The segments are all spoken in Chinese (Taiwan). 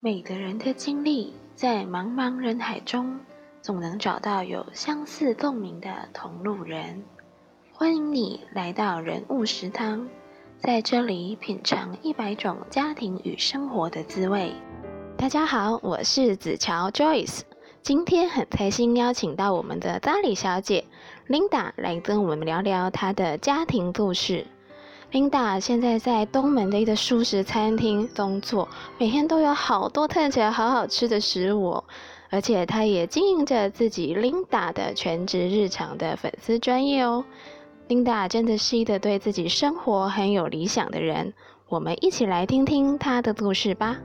每個人的經歷，在茫茫人海中，總能找到有相似共鳴的同路人。歡迎你來到人物食堂，在這裡品嘗一百種家庭與生活的滋味。大家好，我是子喬 Joyce，今天很開心邀請到我們的咖哩小姐 Linda 來跟我們聊聊她的家庭故事。Linda 現在在東門的一個素食餐廳工作，每天都有好多看起來好好吃的食物，而且她也經營着自己 Linda 的全植日常的粉絲專頁哦。Linda 真的是一個對自己生活很有理想的人，我們一起來聽聽她的故事吧。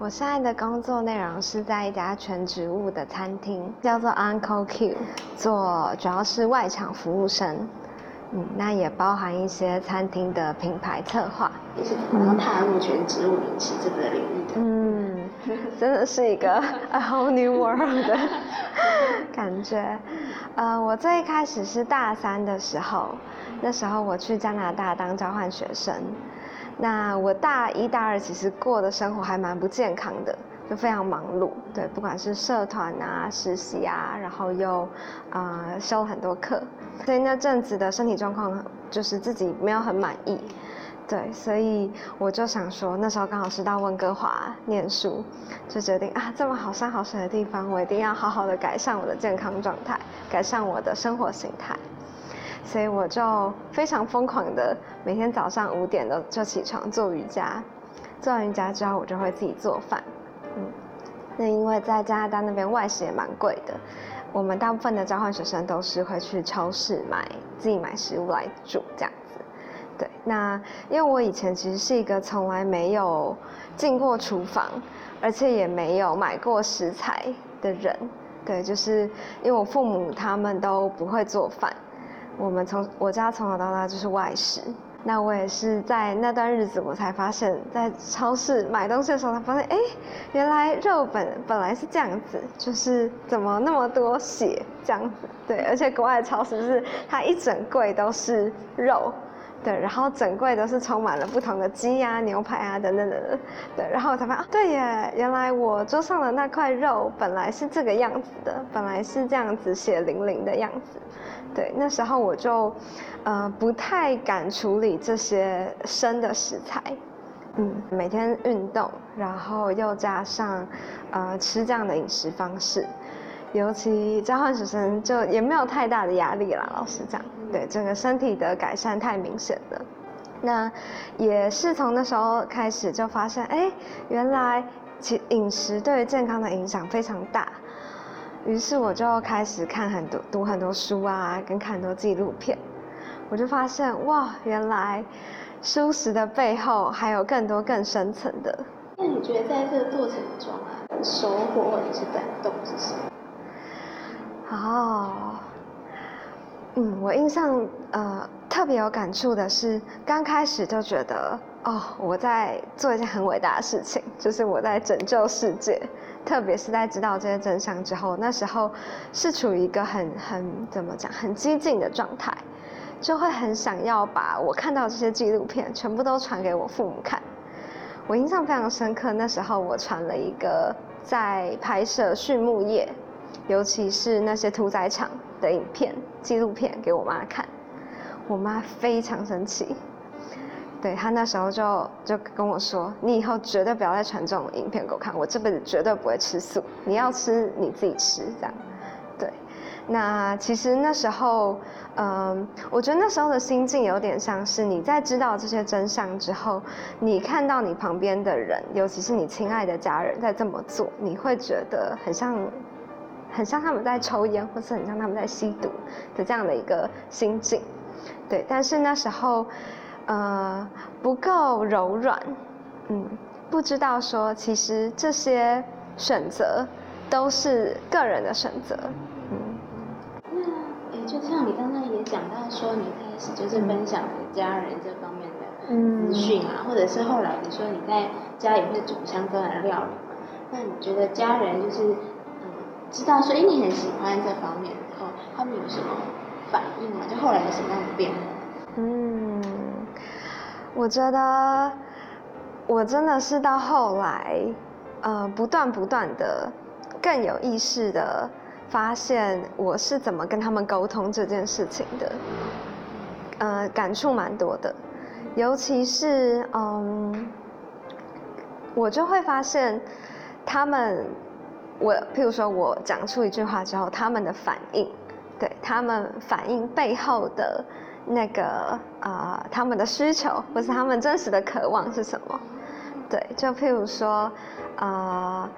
我現在的工作內容是在一家全植物的餐廳，叫做 Uncle Q，做主要是外場服務生，嗯，那也包含一些餐廳的品牌策劃，嗯，也是能踏入全植物飲食這個領域的，嗯。 真的是一個 A whole new world 的感覺。呃、uh，我最開始是大三的時候，那時候我去加拿大當交換學生。那我大一大二其實過的生活還蠻不健康的，就非常忙碌。對，不管是社團啊、實習啊，然後又呃修了很多課，所以那陣子的身體狀況就是自己沒有很滿意。對，所以我就想說，那時候剛好是到溫哥華念書，就決定啊，這麼好山好水的地方，我一定要好好的改善我的健康狀態，改善我的生活形態。所以我就非常瘋狂的，每天早上五點的就起床做瑜伽，做完瑜伽之後，我就會自己做飯。嗯，那因為在加拿大那邊外食也蠻貴的，我們大部分的交換學生都是會去超市買，自己買食物來煮這樣。對，那因為我以前其實是一個從來沒有進過廚房，而且也沒有買過食材的人。對，就是因為我父母他們都不會做飯，我們從我家從小到大就是外食。那我也是在那段日子，我才發現在超市買東西的時候，才發現，哎，原來肉本本來是這樣子，就是怎麼那麼多血這樣子。對，而且國外的超市是它一整櫃都是肉。對，然後整櫃都是充滿了不同的雞呀、啊、牛排啊等等等等。對，然後我才發現、啊、對耶，原來我桌上的那塊肉本來是這個樣子的，本來是這樣子血淋淋的樣子。對，那時候我就，呃，不太敢處理這些生的食材。嗯，每天運動，然後又加上，呃，吃這樣的飲食方式。尤其交換學生就也沒有太大的壓力啦。老實講，對整個身體的改善太明顯了，那也是從那時候開始就發現，哎，原來其飲食對於健康的影響非常大。於是我就開始看很多讀很多書啊，跟看很多紀錄片。我就發現哇，原來蔬食的背後還有更多更深層的。那你覺得在這個過程中收穫或者是感動是什麼？哦，嗯，我印象呃特別有感觸的是，剛開始就覺得哦，我在做一件很偉大的事情，就是我在拯救世界。特別是在知道這些真相之後，那時候是處於一個很很怎麼講很激進的狀態，就會很想要把我看到這些紀錄片全部都傳給我父母看。我印象非常深刻，那時候我傳了一個在拍攝畜牧業。尤其是那些屠宰場的影片、紀錄片給我媽看，我媽非常生氣，對，她那時候就就跟我說：“你以後絕對不要再傳這種影片給我看，我這輩子絕對不會吃素，你要吃你自己吃。”這樣，對。那其實那時候，嗯，我覺得那時候的心境有點像是你在知道這些真相之後，你看到你旁邊的人，尤其是你親愛的家人，在這麼做，你會覺得很像。很像他們在抽煙，或是很像他們在吸毒的這樣的一個心境，對。但是那時候，呃，不夠柔軟，嗯，不知道說其實這些選擇都是個人的選擇。嗯，那，也、欸、就像你剛剛也講到說，你開始就是分享給家人這方面的嗯訊息啊，嗯、或者是後來你說你在家裡會煮相關的料理，那你覺得家人就是？.知道，所以你很喜歡這方面，他們有什麼反應嗎？就後來有什麼樣的變化？嗯，我覺得我真的是到後來，呃，不斷不斷的更有意識的發現我是怎麼跟他們溝通這件事情的，呃，感觸蠻多的，尤其是嗯，我就會發現他們。我譬如說，我講出一句話之後，他們的反應，對，他們反應背後的那個啊、呃，他們的需求或是他們真實的渴望是什麼？對，就譬如說，啊、呃，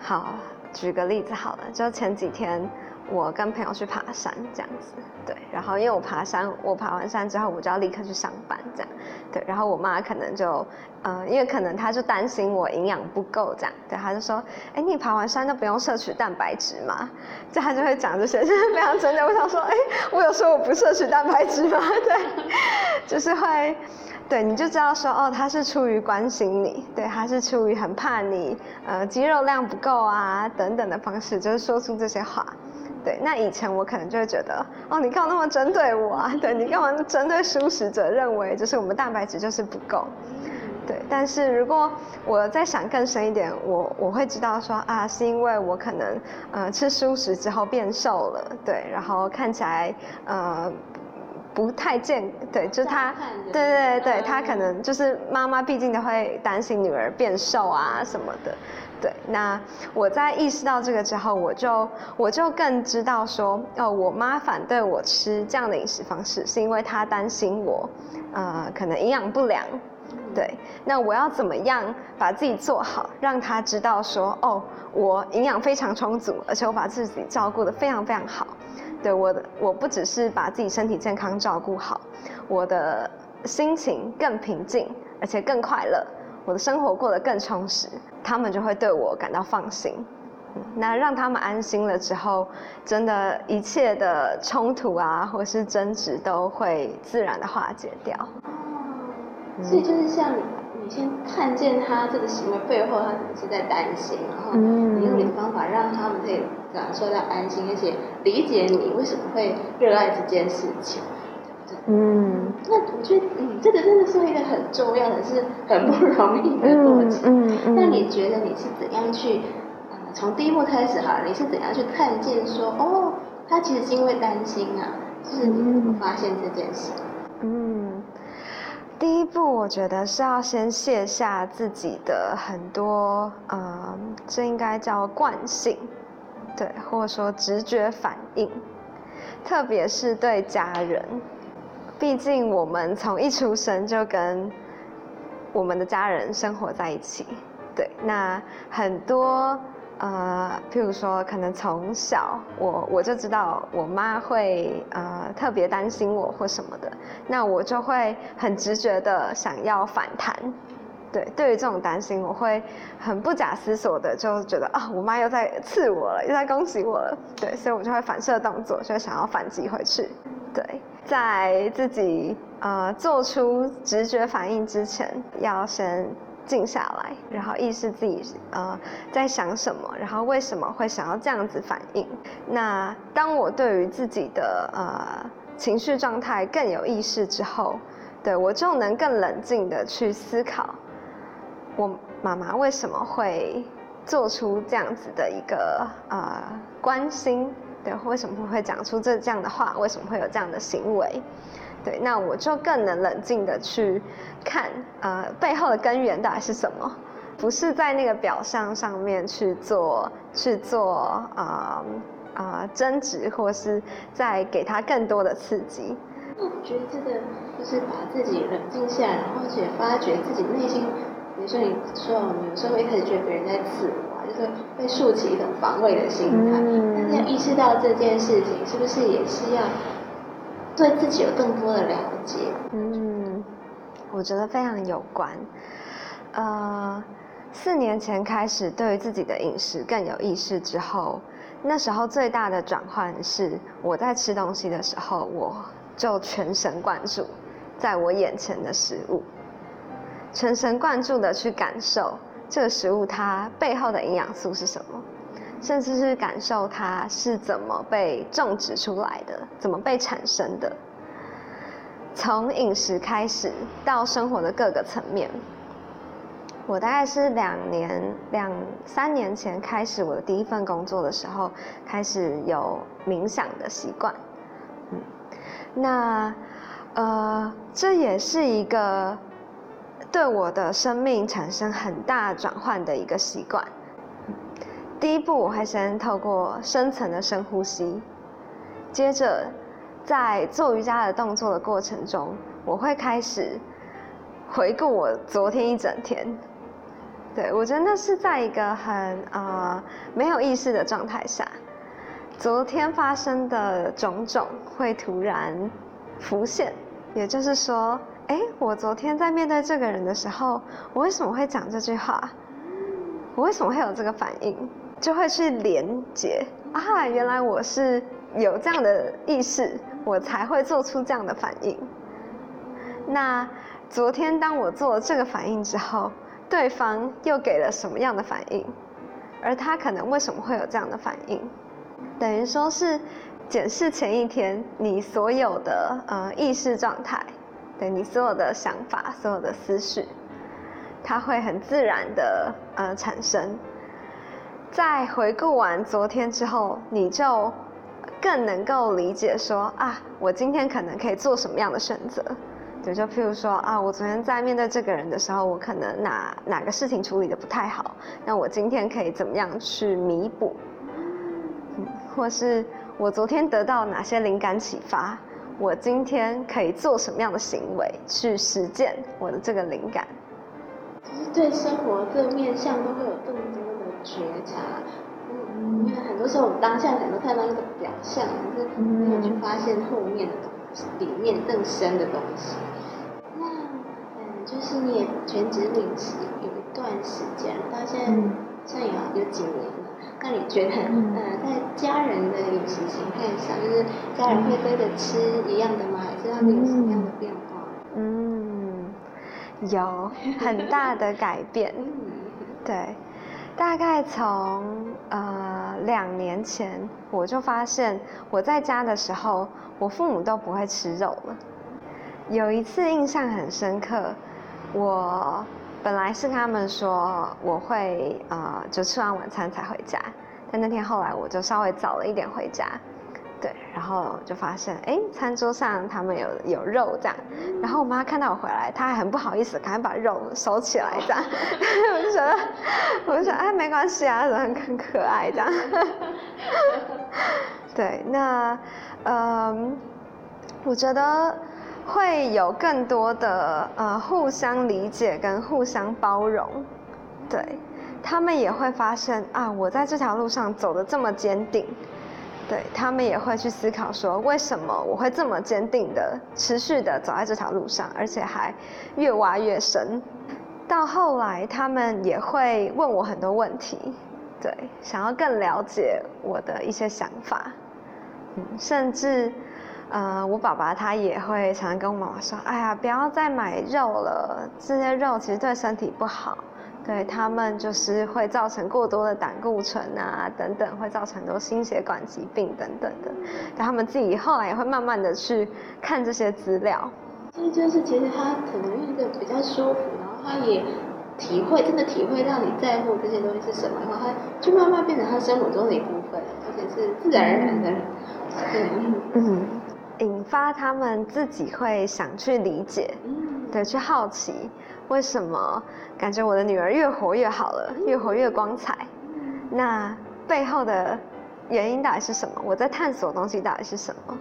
好，舉個例子好了，就前幾天。我跟朋友去爬山，這樣子，對，然後因為我爬山，我爬完山之後，我就要立刻去上班，這樣，對，然後我媽可能就，嗯、呃，因為可能她就擔心我營養不夠，這樣，對，她就說，哎，你爬完山都不用攝取蛋白質嗎？這她就會講這些，這是非常真的，我想說，哎，我有說我不攝取蛋白質嗎？對，就是會，對，你就知道說，哦，她是出於關心你，對，她是出於很怕你，呃，肌肉量不夠啊等等的方式，就是說出這些話。對，那以前我可能就會覺得，哦，你幹嘛那麼針對我啊？對，你幹嘛針對素食者？認為就是我們蛋白質就是不夠，對。但是如果我再想更深一點，我我會知道說啊，是因為我可能呃吃素食之後變瘦了，對，然後看起來呃不太健，對，就是他，對，對對對，他可能就是媽媽畢竟都會擔心女兒變瘦啊什麼的。對，那我在意識到這個之後，我就我就更知道說，哦，我媽反對我吃這樣的飲食方式，是因為她擔心我，呃，可能營養不良。對，那我要怎麼樣把自己做好，讓她知道說，哦，我營養非常充足，而且我把自己照顧得非常非常好。對，我的我不只是把自己身體健康照顧好，我的心情更平靜，而且更快樂。我的生活過得更充實，他們就會對我感到放心。那讓他們安心了之後，真的，一切的衝突啊，或是爭執都會自然的化解掉。哦、嗯，所以就是像你，你先看見他這個行為背後，他可能是在擔心，然後你用你的方法讓他們可以感受到安心，而且理解你為什麼會熱愛這件事情。對嗯，那我覺得，嗯，這個真的是一個很重要的，是很不容易的過程。嗯，嗯，嗯，那你覺得你是怎樣去，從、呃、第一步開始哈，你是怎樣去看見說，哦，他其實是因為擔心啊，就是你怎麼發現這件事嗯。嗯，第一步我覺得是要先卸下自己的很多，啊、呃，這應該叫慣性，對，或者說直覺反應，特別是對家人。畢竟我們從一出生就跟我們的家人生活在一起，對。那很多呃，譬如說，可能從小我我就知道我媽會呃特別擔心我或什麼的，那我就會很直覺的想要反彈。對，對於這種擔心，我會很不假思索的就覺得啊、哦，我媽又在刺我了，又在攻擊我了。對，所以我就會反射動作，就想要反擊回去。對。在自己啊、呃、做出直覺反應之前，要先靜下來，然後意識自己啊、呃、在想什麼，然後為什麼會想要這樣子反應。那當我對於自己的呃情緒狀態更有意識之後，對，我就能更冷靜的去思考，我媽媽為什麼會做出這樣子的一個啊、呃、關心。對，為什麼會講出這這樣的話？為什麼會有這樣的行為？對，那我就更能冷靜地去看，呃，背後的根源到底是什麼，不是在那個表象上面去做，去做啊啊、呃呃、爭執，或是再給他更多的刺激。我覺得這個就是把自己冷靜下來，然後去發掘自己內心。比如說，你說，你有時候會一開始覺得別人在刺。就是被豎起一種防衛的心態，嗯，但是要意識到這件事情是不是也是要對自己有更多的了解？嗯，我覺得非常有關。呃，四年前開始對於自己的飲食更有意識之後，那時候最大的轉換是我在吃東西的時候，我就全神貫注在我眼前的食物，全神貫注的去感受。這個食物它背後的營養素是什麼？甚至是感受它是怎麼被種植出來的，怎麼被產生的。從飲食開始到生活的各個層面，我大概是兩年，兩三年前開始我的第一份工作的時候，開始有冥想的習慣，嗯，那呃這也是一個。對我的生命產生很大轉換的一個習慣。第一步，我會先透過深層的深呼吸，接着在做瑜伽的動作的過程中，我會開始回顧我昨天一整天。對，我覺得那是在一個很啊、呃、沒有意識的狀態下，昨天發生的種種會突然浮現，也就是說。哎，我昨天在面對這個人的時候，我為什麼會講這句話？我為什麼會有這個反應？就會去連接啊，原來我是有這樣的意識，我才會做出這樣的反應。那昨天當我做了這個反應之後，對方又給了什麼樣的反應？而他可能為什麼會有這樣的反應？等於說是檢視前一天你所有的呃意識狀態。對，你所有的想法、所有的思緒，它會很自然的呃產生。在回顧完昨天之後，你就更能夠理解說啊，我今天可能可以做什麼樣的選擇。對，就譬如說啊，我昨天在面對這個人的時候，我可能哪哪個事情處理得不太好，那我今天可以怎麼樣去彌補？嗯，或是我昨天得到哪些靈感啟發？我今天可以做什麼樣的行為去實踐我的這個靈感？就是對生活這面向都會有更多的覺察，嗯，因為很多時候我們當下可能看到一個表象，但是沒有去發現後面的東西裡面更深的東西。那嗯，就是你全植飲食。覺得，很，嗯，嗯，呃，在家人的飲食型態上，嗯，就是家人會跟着吃一樣的嗎？還是他們有什麼樣的變化？嗯，有很大的改變， 對，大概從呃兩年前我就發現，我在家的時候，我父母都不會吃肉了。有一次印象很深刻，我本來是跟他們說我會呃，就吃完晚餐才回家。但那天後來我就稍微早了一點回家，對，然後就發現哎，餐桌上他們有有肉這樣，然後我媽看到我回來，她還很不好意思，趕快把肉收起來這樣， 我就覺得，我就說，哎，沒關係啊，人很可愛這樣， 對，那嗯、呃、我覺得會有更多的呃互相理解跟互相包容，對。他們也會發現啊，我在這條路上走的這麼堅定，對，他們也會去思考說，為什麼我會這麼堅定的持續的走在這條路上，而且還越挖越深。到後來，他們也會問我很多問題，對，想要更了解我的一些想法。嗯，甚至，呃，我爸爸他也會常常跟我媽媽說，哎呀，不要再買肉了，這些肉其實對身體不好。對，他們就是會造成過多的膽固醇啊等等，會造成很多心血管疾病等等的。但、嗯、他們自己後來也會慢慢的去看這些資料。這就是其實他可能用的比較舒服，然後他也體會，真的體會到你在乎這些東西是什麼，然後他就慢慢變成他生活中的一部分，而且是自然而然的，嗯，對嗯，引發他們自己會想去理解，嗯、對，去好奇。為什麼感覺我的女兒越活越好了，越活越光彩？那背後的原因到底是什麼？我在探索的東西到底是什麼？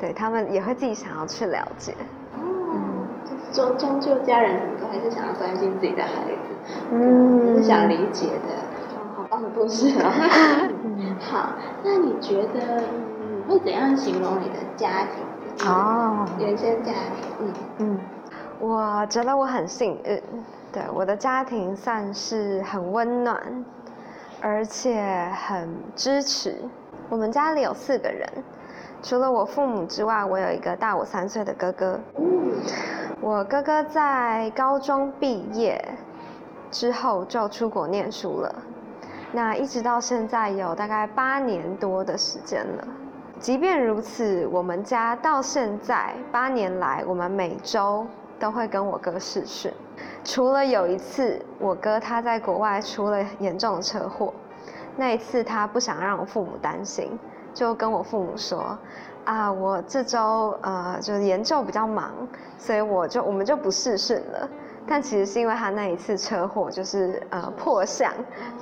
對他們也會自己想要去了解。哦，終終究家人，還是想要關心自己的孩子，是想理解的。好，故事哦。好，那你覺得你會怎樣形容你的家庭？哦，原生家庭，嗯嗯。我覺得我很幸運，對我的家庭算是很溫暖，而且很支持。我們家裡有四個人，除了我父母之外，我有一個大我三歲的哥哥。我哥哥在高中畢業之後就出國念書了，那一直到現在有大概八年多的時間了。即便如此，我們家到現在八年來，我們每周。都會跟我哥視訊，除了有一次我哥他在國外出了嚴重的車禍，那一次他不想讓我父母擔心，就跟我父母說啊，我這周呃就是研究比較忙，所以我就我們就不視訊了。但其實是因為他那一次車禍就是呃破相，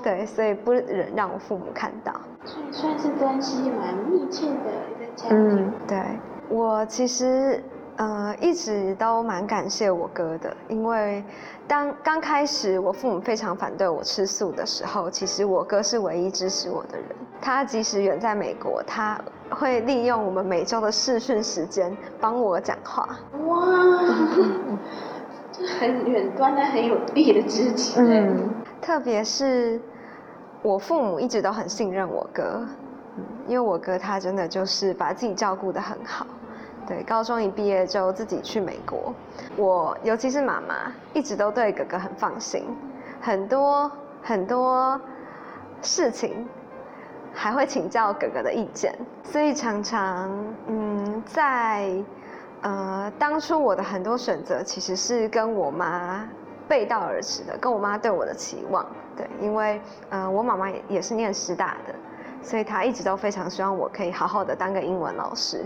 對，所以不忍讓我父母看到。所以算是關係蠻密切的一個家庭。嗯，對，我其實。嗯，一直都蠻感謝我哥的，因為當剛開始我父母非常反對我吃素的時候，其實我哥是唯一支持我的人。他即使遠在美國，他會利用我們每周的視訊時間幫我講話。哇，很遠端的，很有力的支持。嗯，嗯特別是我父母一直都很信任我哥，因為我哥他真的就是把自己照顧得很好。對，高中一畢業就自己去美國。我尤其是媽媽，一直都對哥哥很放心，很多很多事情還會請教哥哥的意見。所以常常，嗯，在呃當初我的很多選擇其實是跟我媽背道而馳的，跟我媽對我的期望。對，因為呃我媽媽也是念師大的，所以她一直都非常希望我可以好好的當個英文老師。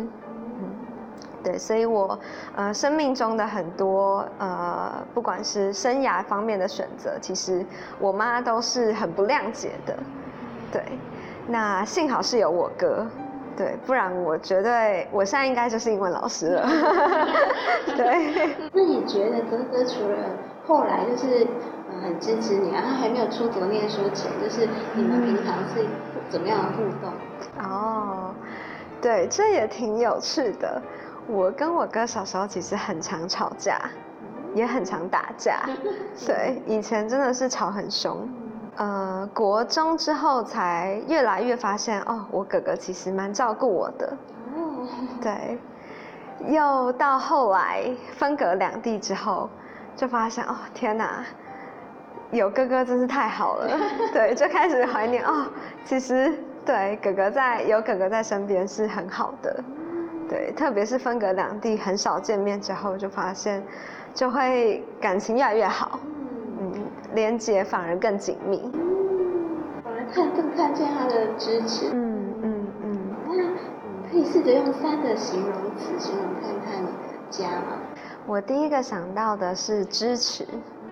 對，所以我，呃，生命中的很多，呃，不管是生涯方面的選擇，其實我媽都是很不諒解的。對，那幸好是有我哥，對，不然我絕對我現在應該就是英文老師了。 對。那你覺得哥哥除了後來就是很支持你，然後還沒有出國念書前，就是你們平常是怎麼樣的互動？嗯嗯。哦，對，這也挺有趣的。我跟我哥小時候其實很常吵架，也很常打架，對，以前真的是吵很凶，呃，國中之後才越來越發現，哦，我哥哥其實蠻照顧我的，對，又到後來分隔兩地之後，就發現，哦，天哪，有哥哥真是太好了，對，就開始懷念，哦，其實對，哥哥在有哥哥在身邊是很好的。對，特別是分隔兩地很少見面之後，就發現，就會感情越來越好，嗯，嗯，連結反而更緊密。嗯，我來看更看見他的支持。嗯嗯嗯。嗯嗯，那你可以試着用三個形容詞形容看看你的家嗎？我第一個想到的是支持，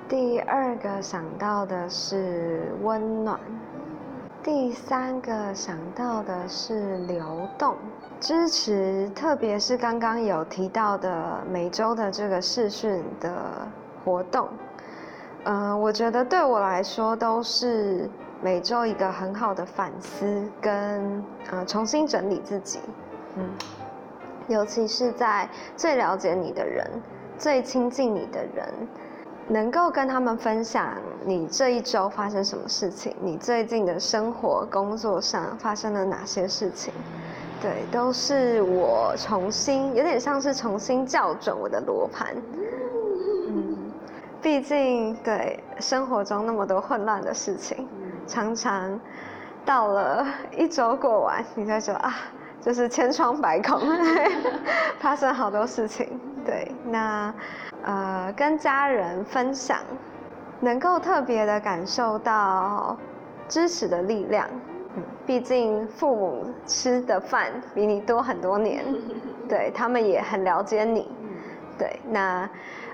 第二個想到的是溫暖，第三個想到的是流動。支持，特別是剛剛有提到的每周的這個視訊的活動，嗯、呃，我覺得對我來說都是每周一個很好的反思跟呃重新整理自己。嗯，尤其是在最了解你的人、最親近你的人，能夠跟他們分享你這一周發生什麼事情，你最近的生活、工作上發生了哪些事情。對，都是我重新，有點像是重新校準我的羅盤。嗯，畢竟對生活中那麼多混亂的事情，嗯、常常到了一周過完，你再說啊，就是千瘡百孔， 發生好多事情。對，那呃，跟家人分享，能夠特別的感受到支持的力量。畢竟父母吃的飯比你多很多年，對他們也很了解你，對，那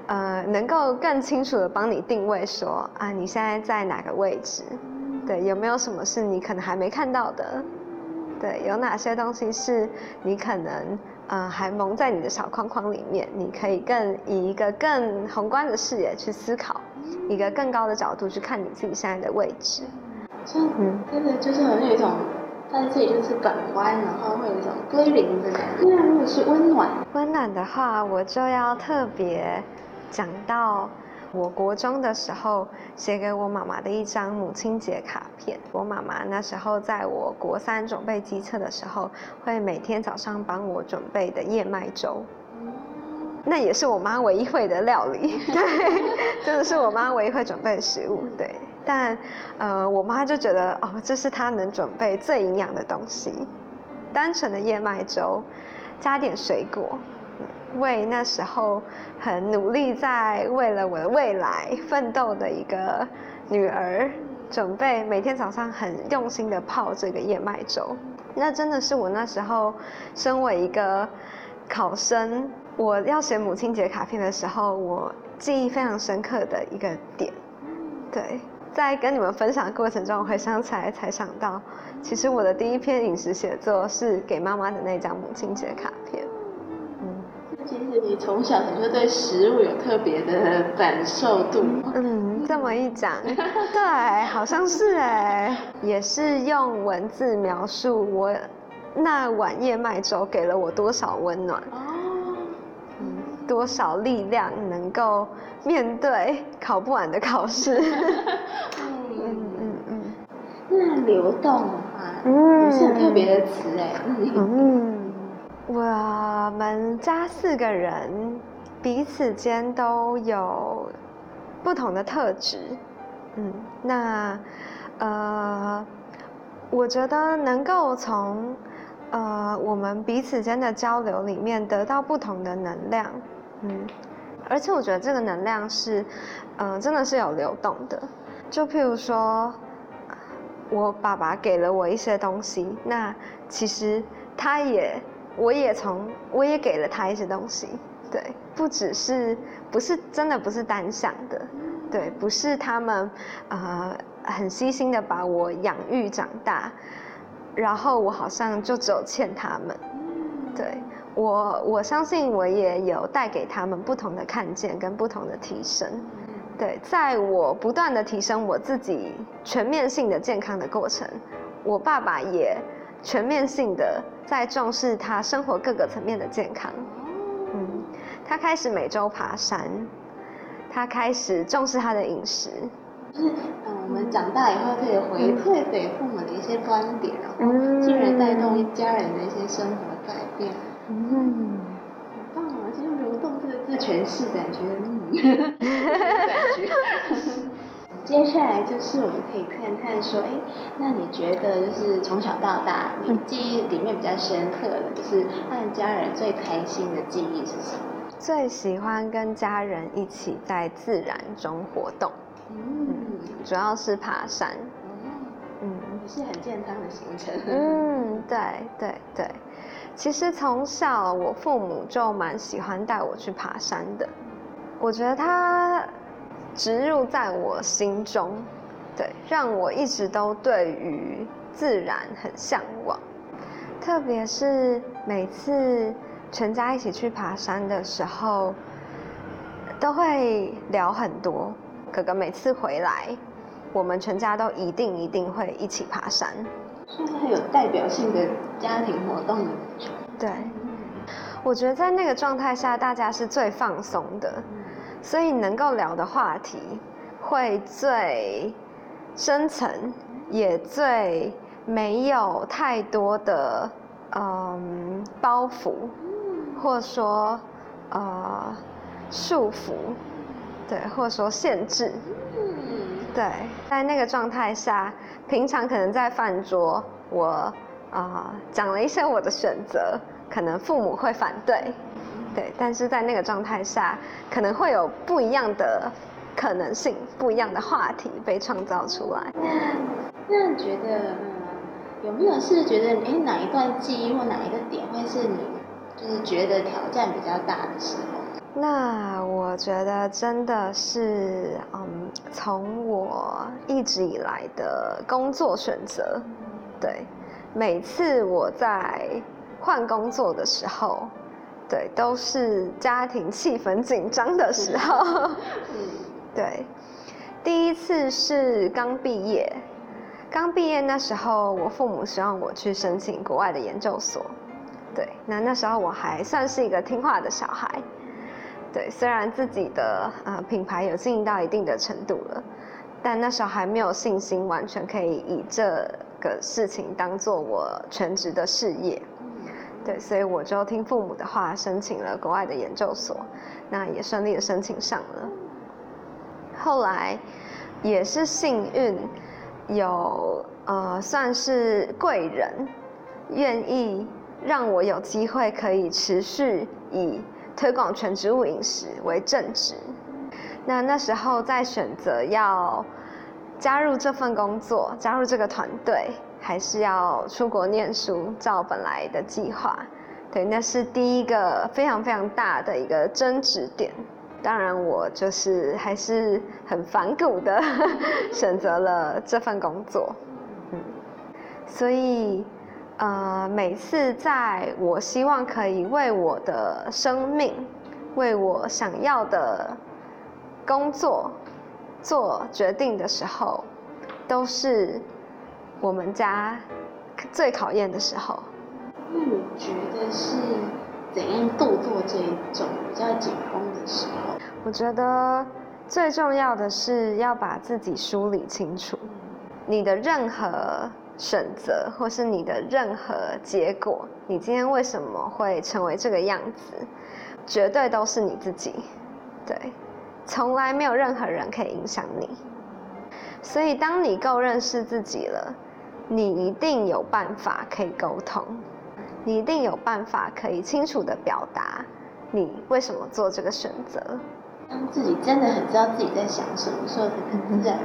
呃能夠更清楚的幫你定位說啊你現在在哪個位置，對，有沒有什麼是你可能還沒看到的，對，有哪些東西是你可能呃還蒙在你的小框框裡面，你可以更以一個更宏觀的視野去思考，一個更高的角度去看你自己現在的位置。像真就、嗯、的就是很有一種在這裡就是感官，然後會有一種歸零的感覺。那如果是溫暖，溫暖的話，我就要特別講到我國中的時候寫給我媽媽的一張母親節卡片。我媽媽那時候在我國三準備基測的時候，會每天早上幫我準備的燕麥粥，嗯、那也是我媽唯一會的料理。對，真的 是我媽唯一會準備的食物。對。但，呃，我媽就覺得哦，這是她能準備最營養的東西，單純的燕麥粥，加點水果，嗯，為那時候很努力在為了我的未來奮鬥的一個女兒準備，每天早上很用心的泡這個燕麥粥，那真的是我那時候身為一個考生，我要寫母親節卡片的時候，我記憶非常深刻的一個點，對。在跟你們分享的過程中，我回想起來才想到，其實我的第一篇飲食寫作是給媽媽的那張母親節卡片。嗯，其實你從小就對食物有特別的感受度？嗯，這麼一講，對，好像是哎，也是用文字描述我那碗燕麥粥給了我多少溫暖。多少力量能夠面對考不完的考試 對？嗯嗯 嗯。那流動啊，嗯，是很特別的詞哎、欸。嗯。嗯，我們家四個人彼此間都有不同的特質。嗯。那呃，我覺得能夠從呃我們彼此間的交流裡面得到不同的能量。嗯，而且我覺得這個能量是，嗯、呃，真的是有流動的。就譬如說，我爸爸給了我一些東西，那其實他也，我也從我也給了他一些東西。對，不只是不是真的不是單向的，嗯、對，不是他們，呃，很悉心的把我養育長大，然後我好像就只有欠他們。對我，我相信我也有帶給他們不同的看見跟不同的提升。嗯、對，在我不斷的提升我自己全面性的健康的過程，我爸爸也全面性的在重視他生活各個層面的健康。嗯、他開始每周爬山，他開始重視他的飲食。我們長大以後可以回饋給父母的一些觀點，然後進而帶動一家人的一些生活。嗯嗯嗯改變，嗯，好棒啊！就用流動這個字詮釋感覺，嗯，哈哈 接下來就是我們可以看看說，哎，那你覺得就是從小到大，你記憶裡面比較深刻的，就是跟家人最開心的記憶是什麼？最喜歡跟家人一起在自然中活動，嗯，主要是爬山，嗯，嗯，是很健康的行程，嗯，對對對。對其實從小，我父母就蠻喜歡帶我去爬山的。我覺得它植入在我心中，對，讓我一直都對於自然很向往。特別是每次全家一起去爬山的時候，都會聊很多。哥哥每次回來，我們全家都一定一定會一起爬山。就是，是很有代表性的家庭活動呢，對。我覺得在那個狀態下，大家是最放鬆的，所以能夠聊的話題會最深層，也最沒有太多的嗯包袱，或者說呃束縛，對，或者說限制。對，在那個狀態下，平常可能在飯桌，我啊、呃、講了一些我的選擇，可能父母會反對。對，但是在那個狀態下，可能會有不一樣的可能性，不一樣的話題被創造出來。嗯、那你覺得，有沒有是覺得你，哎，哪一段記憶或哪一個點，會是你就是覺得挑戰比較大的時候？那我覺得真的是，嗯，從我一直以來的工作選擇，嗯、對，每次我在換工作的時候，對，都是家庭氣氛緊張的時候。嗯， 對，第一次是剛畢業，剛畢業那時候，我父母希望我去申請國外的研究所，對，那那時候我還算是一個聽話的小孩。對，雖然自己的啊、呃、品牌有經營到一定的程度了，但那時候還沒有信心，完全可以以這個事情當做我全職的事業。對，所以我就聽父母的話，申請了國外的研究所，那也順利的申請上了。後來，也是幸運，有呃算是貴人，願意讓我有機會可以持續以。推廣全植物飲食為正職，那那時候在選擇要加入這份工作，加入這個團隊，還是要出國念書，照本來的計劃，對，那是第一個非常非常大的一個爭執點。當然，我就是還是很反骨的，選擇了這份工作，嗯，所以。呃，每次在我希望可以為我的生命、為我想要的工作做決定的時候，都是我們家最考驗的時候。那你覺得是怎樣度過這一種比較緊繃的時候？我覺得最重要的是要把自己梳理清楚，你的任何。選擇或是你的任何結果，你今天為什麼會成為這個樣子，絕對都是你自己，對，從來沒有任何人可以影響你。所以，當你夠認識自己了，你一定有辦法可以溝通，你一定有辦法可以清楚地表達你為什麼做這個選擇。當、嗯、自己真的很知道自己在想什麼，時候可能自然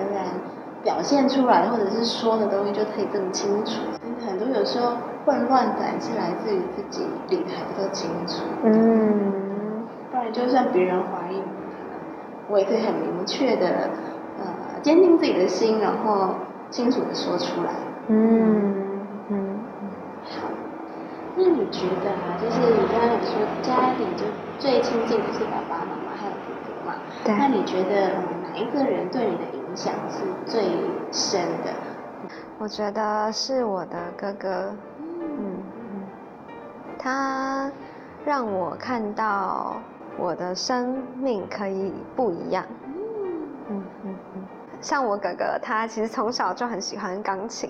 表現出來，或者是說的東西就可以更清楚。很多有時候混亂感是來自於自己理還不夠清楚。嗯，不然就算別人懷疑我，我也可以很明確的，呃、堅定自己的心，然後清楚的說出來。嗯嗯，嗯好。那你覺得啊，就是你剛剛有說家裡就最親近的是爸爸媽媽，還有父母嘛？對。那你覺得哪一個人對你的影？想是最深的，我覺得是我的哥哥，嗯，他讓我看到我的生命可以不一樣，嗯，像我哥哥他其實從小就很喜歡鋼琴，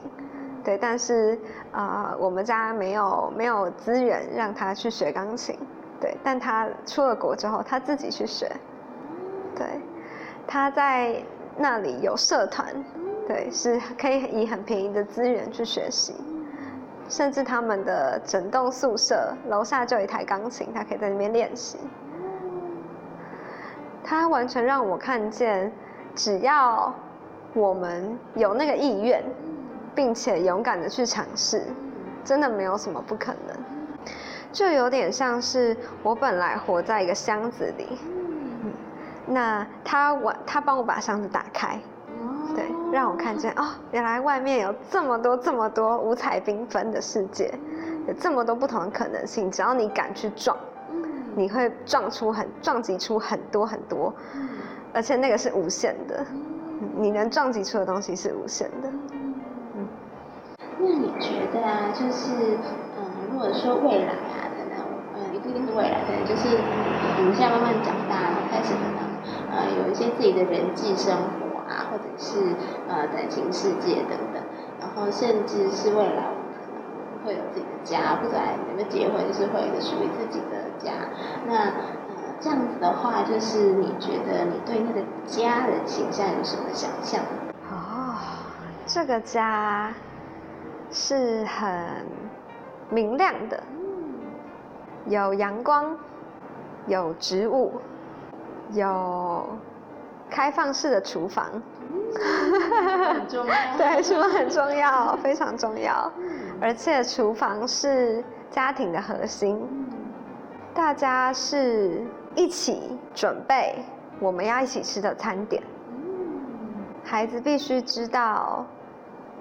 對，但是啊、呃、我們家沒有沒有資源讓他去學鋼琴，對，但他出了國之後他自己去學，對，他在。那裡有社團，對，是可以以很便宜的資源去學習，甚至他們的整棟宿舍樓下就有一台鋼琴，他可以在那邊練習。他完全讓我看見，只要我們有那個意願，並且勇敢的去嘗試，真的沒有什麼不可能。就有點像是我本來活在一個箱子裡。那他玩，他幫我把箱子打開，對，讓我看見哦，原來外面有這麼多這麼多五彩繽紛的世界，有這麼多不同的可能性，只要你敢去撞，你會撞出很撞擊出很多很多，而且那個是無限的，你能撞擊出的東西是無限的。嗯、那你覺得啊，就是、呃、如果說未來啊的那種、呃、也不一定是未來的，可能就是我們現在慢慢長大了，開始。些自己的人際生活啊，或者是呃感情世界等等，然後甚至是未來、呃、會有自己的家，不然你們結婚就是會有一個屬於自己的家。那、呃、這樣子的話，就是你覺得你對那個家的形象有什麼想象？哦，這個家是很明亮的，有陽光，有植物，有。開放式的廚房，嗯、很重要 對，是不是很重要，非常重要，嗯、而且廚房是家庭的核心，嗯、大家是一起準備我們要一起吃的餐點，嗯、孩子必須知道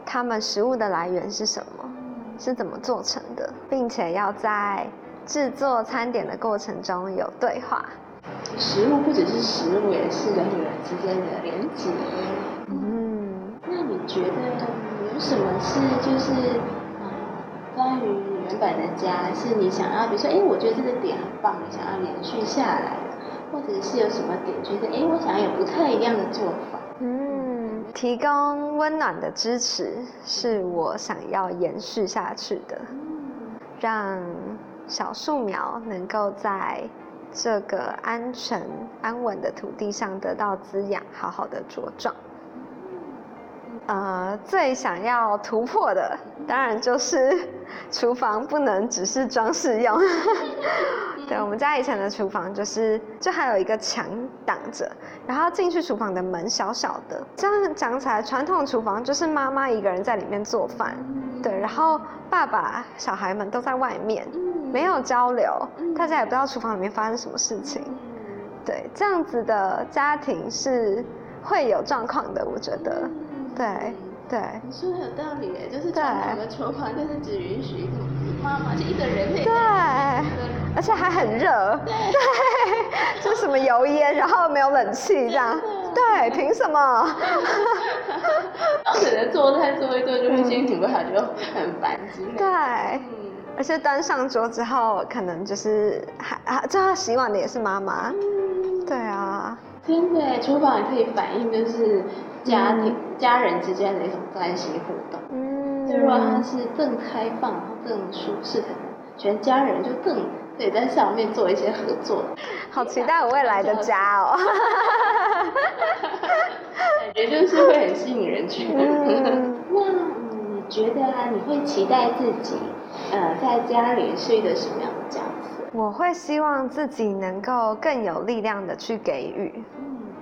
他們食物的來源是什麼，嗯、是怎麼做成的，並且要在製作餐點的過程中有對話。食物不只是食物，也是人與人之間的連結。嗯，那你覺得有什麼是就是嗯關於原本的家，是你想要比如說，欸，我覺得這個點很棒，你想要延續下來的，或者是有什麼點覺得，欸，我想要有不太一樣的做法？嗯，提供溫暖的支持是我想要延續下去的，嗯，讓小樹苗能夠在。這個安全安穩的土地上得到滋養，好好的茁壯。呃，最想要突破的，當然就是廚房不能只是裝飾用。 對，我們家以前的廚房就是，就還有一個牆擋着，然後進去廚房的門小小的。這樣講起來，傳統廚房就是媽媽一個人在裡面做飯，對，然後爸爸、小孩們都在外面。沒有交流，大家也不知道廚房裡面發生什麼事情。對，這樣子的家庭是會有狀況的，我覺得。對對。你說的有道理，就是在我們廚房就是只允許一個媽媽一個人在，對，而且還很熱，對，就什麼油煙，然後沒有冷氣這樣，對，憑什麼？然後只能做菜做一做，就是心情不好就很煩之類。對。而且端上桌之後，可能就是還啊，最後洗碗的也是媽媽。嗯、對啊，真的，廚房也可以反映就是家庭、嗯、家人之間的一種關係互動。嗯，就如果它是更開放、更舒適的，可能全家人就更對在上面做一些合作。啊、好期待我未來的家哦！合 感覺就是會很吸引人去。嗯 那你覺得啊，你會期待自己，呃，在家裡是一個什麼樣的角色？我會希望自己能夠更有力量的去給予。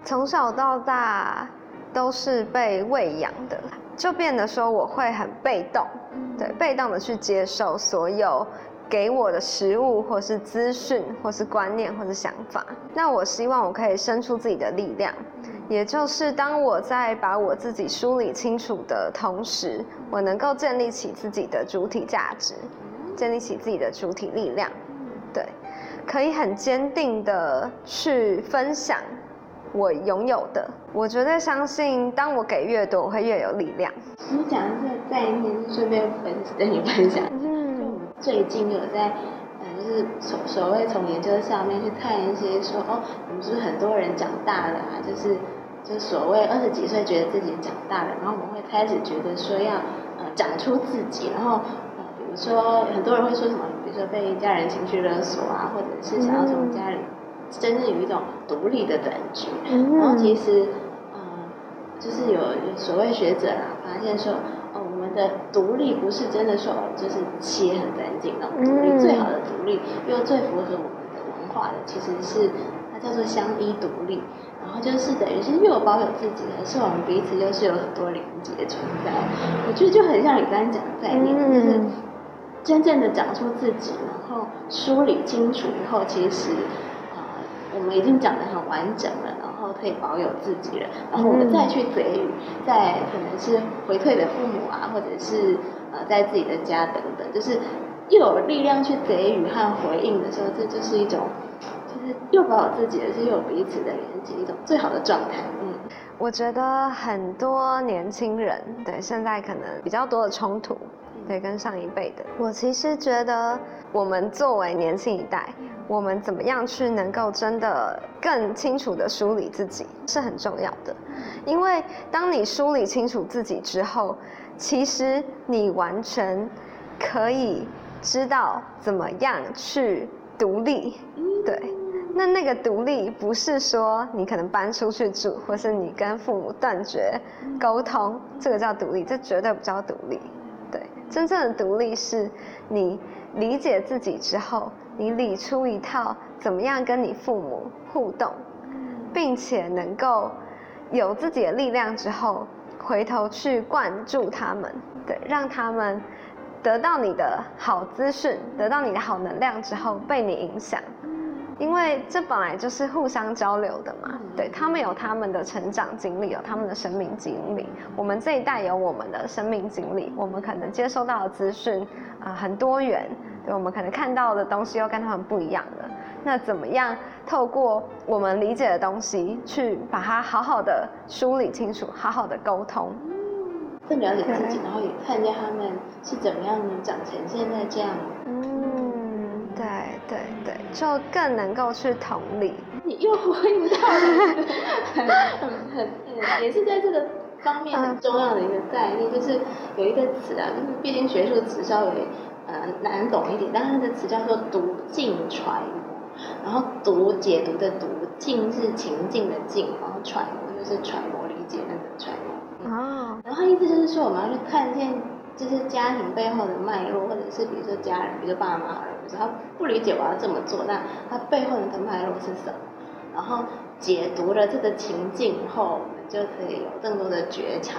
從、嗯、小到大都是被餵養的，就變得說我會很被動，嗯、對，被動的去接受所有給我的食物，或是資訊，或是觀念，或是想法。那我希望我可以伸出自己的力量。也就是當我在把我自己梳理清楚的同時，我能夠建立起自己的主體價值，建立起自己的主體力量，對，可以很堅定的去分享我擁有的。我絕對相信，當我給越多，我會越有力量。你講的是個在研究，順便分享給你分享。嗯，就我們最近有在，嗯，就是所謂從研究上面去探一些說，哦，我們是不是很多人長大的啊，就是。就所謂二十幾歲覺得自己長大了，然後我們會開始覺得說要呃長出自己，然後呃比如說很多人會說什麼，比如說被家人情緒勒索啊，或者是想要從家人真正有一種獨立的感覺，嗯、然後其實呃就是有所謂學者啊發現說哦、呃、我們的獨立不是真的說哦就是切很乾淨哦，獨立嗯、最好的獨立又最符合我們的文化的其實是。叫做相依獨立，然後就是等於，是又有保有自己的時候，的，是我們彼此又是有很多連結的存在。我覺得就很像你剛剛講的概念，在就是真正的講出自己，然後梳理清楚以後，其實、呃、我們已經講得很完整了，然後可以保有自己了。然後我們再去給予，在可能是回饋的父母啊，或者是呃，在自己的家等等，就是又有力量去給予和回應的時候，這就是一種。就是又保有自己，也是又有彼此的連接，一種最好的狀態。嗯，我覺得很多年輕人，對，現在可能比較多的衝突，對，跟上一輩的。我其實覺得，我們作為年輕一代，我們怎麼樣去能夠真的更清楚的梳理自己，是很重要的。因為當你梳理清楚自己之後，其實你完全可以知道怎麼樣去獨立，對。那那個獨立不是說你可能搬出去住，或是你跟父母斷絕溝通，這個叫獨立，這絕對不叫獨立。對，真正的獨立是你理解自己之後，你理出一套怎麼樣跟你父母互動，並且能夠有自己的力量之後，回頭去灌注他們，對，讓他們得到你的好資訊，得到你的好能量之後被你影響。因為這本來就是互相交流的嘛，嗯、對，他們有他們的成長經歷，有他們的生命經歷，我們這一代有我們的生命經歷，我們可能接收到的資訊啊、呃，很多元，對，我們可能看到的東西又跟他們不一樣了。那怎麼樣透過我們理解的東西去把它好好的梳理清楚，好好的溝通，更、嗯、了解自己，Okay. 然後也看見他們是怎麼樣長成現在這樣的。對對對，就更能夠去同理。你又回不到很，很很、嗯，也是在這個方面很重要的一個概念，就是有一個詞啊，就是畢竟學術詞稍微呃難懂一點，但是它的詞叫做“讀境揣摩”，然後“讀”解讀的“讀”，“境”是情境的“境”，然後“揣摩”就是揣摩理解那個“揣摩”。哦。然後意思就是說，我們要去看見。就是家庭背後的脈絡，或者是比如說家人，比如說爸媽，他不理解我要這麼做，那他背後的脈絡是什麼？然後解讀了這個情境後，我們就可以有更多的覺察。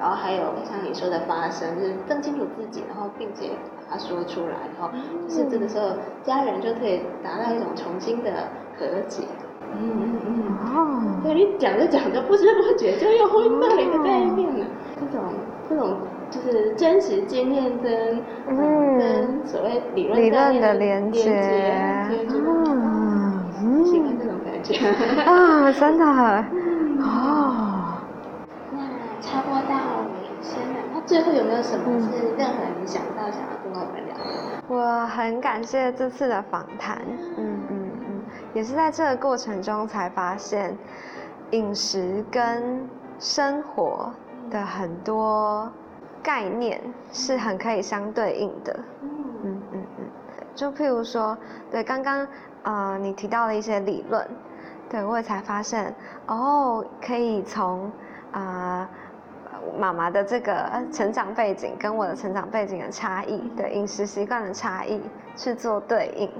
然後還有像你說的發生，就是更清楚自己，然後並且把它說出來，然後、嗯、就是這個時候家人就可以達到一種重新的和解。嗯嗯嗯哦，對，你講着講着，不知不覺就又回到了一個概念了。嗯、這種，這種。就是真實經驗跟嗯跟所謂理論的連接，嗯喜歡、哦嗯、這種感覺啊，嗯、 真的、嗯、哦。那差不多到尾聲了，他最後有沒有什麼是任何你想到、嗯、想要跟我們聊的？我很感謝這次的訪談、嗯，嗯嗯嗯，也是在這個過程中才發現飲食跟生活的很多。概念是很可以相對應的，嗯嗯嗯，就譬如說，對剛剛啊你提到了一些理論，對我也才發現哦，可以從啊媽媽的這個成長背景跟我的成長背景的差異，對飲食習慣的差異去做對應，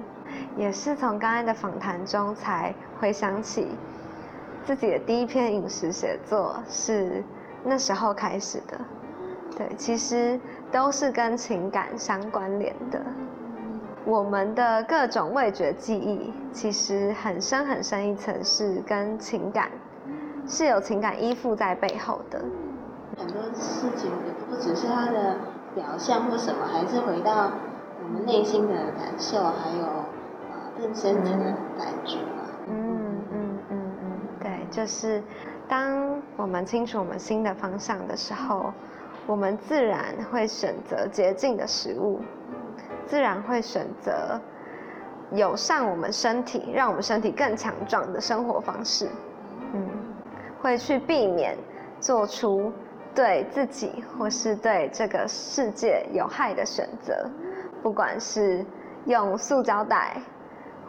也是從剛剛的訪談中才回想起自己的第一篇飲食寫作是那時候開始的。對，其實都是跟情感相關聯的。我們的各種味覺記憶，其實很深很深一層，是跟情感是有情感依附在背後的。很多事情也不只是它的表象或什麼，還是回到我們內心的感受，還有更深、呃、的感覺。嗯嗯嗯嗯，對，就是當我們清楚我們新的方向的時候。我們自然會選擇潔淨的食物，自然會選擇友善我們身體、讓我們身體更強壯的生活方式。嗯，會去避免做出對自己或是對這個世界有害的選擇，不管是用塑膠袋，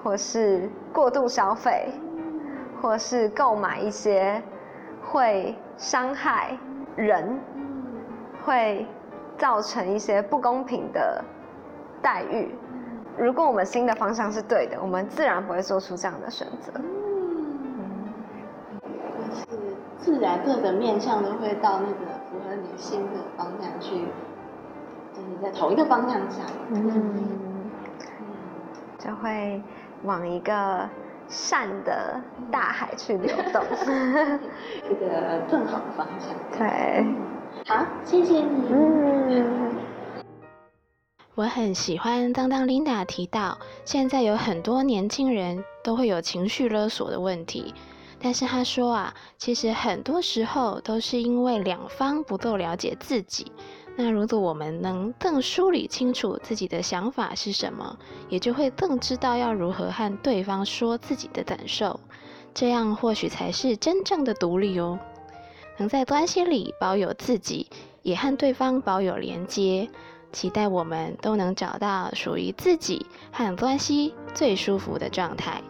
或是過度消費，或是購買一些會傷害人。會造成一些不公平的待遇。如果我們新的方向是對的，我們自然不會做出這樣的選擇。嗯、就是自然，各個面向都會到那個符合你新的方向去。就是、在同一個方向下嗯，就會往一個善的大海去流動， 一個更好的方向。對。對好，謝謝你。我很喜歡當當琳達提到，現在有很多年輕人都會有情緒勒索的問題，但是他說啊，其實很多時候都是因為兩方不夠了解自己。那如果我們能更梳理清楚自己的想法是什麼，也就會更知道要如何和對方說自己的感受，這樣或許才是真正的獨立哦。能在關係裡保有自己，也和對方保有連接，期待我們都能找到屬於自己和關係最舒服的狀態。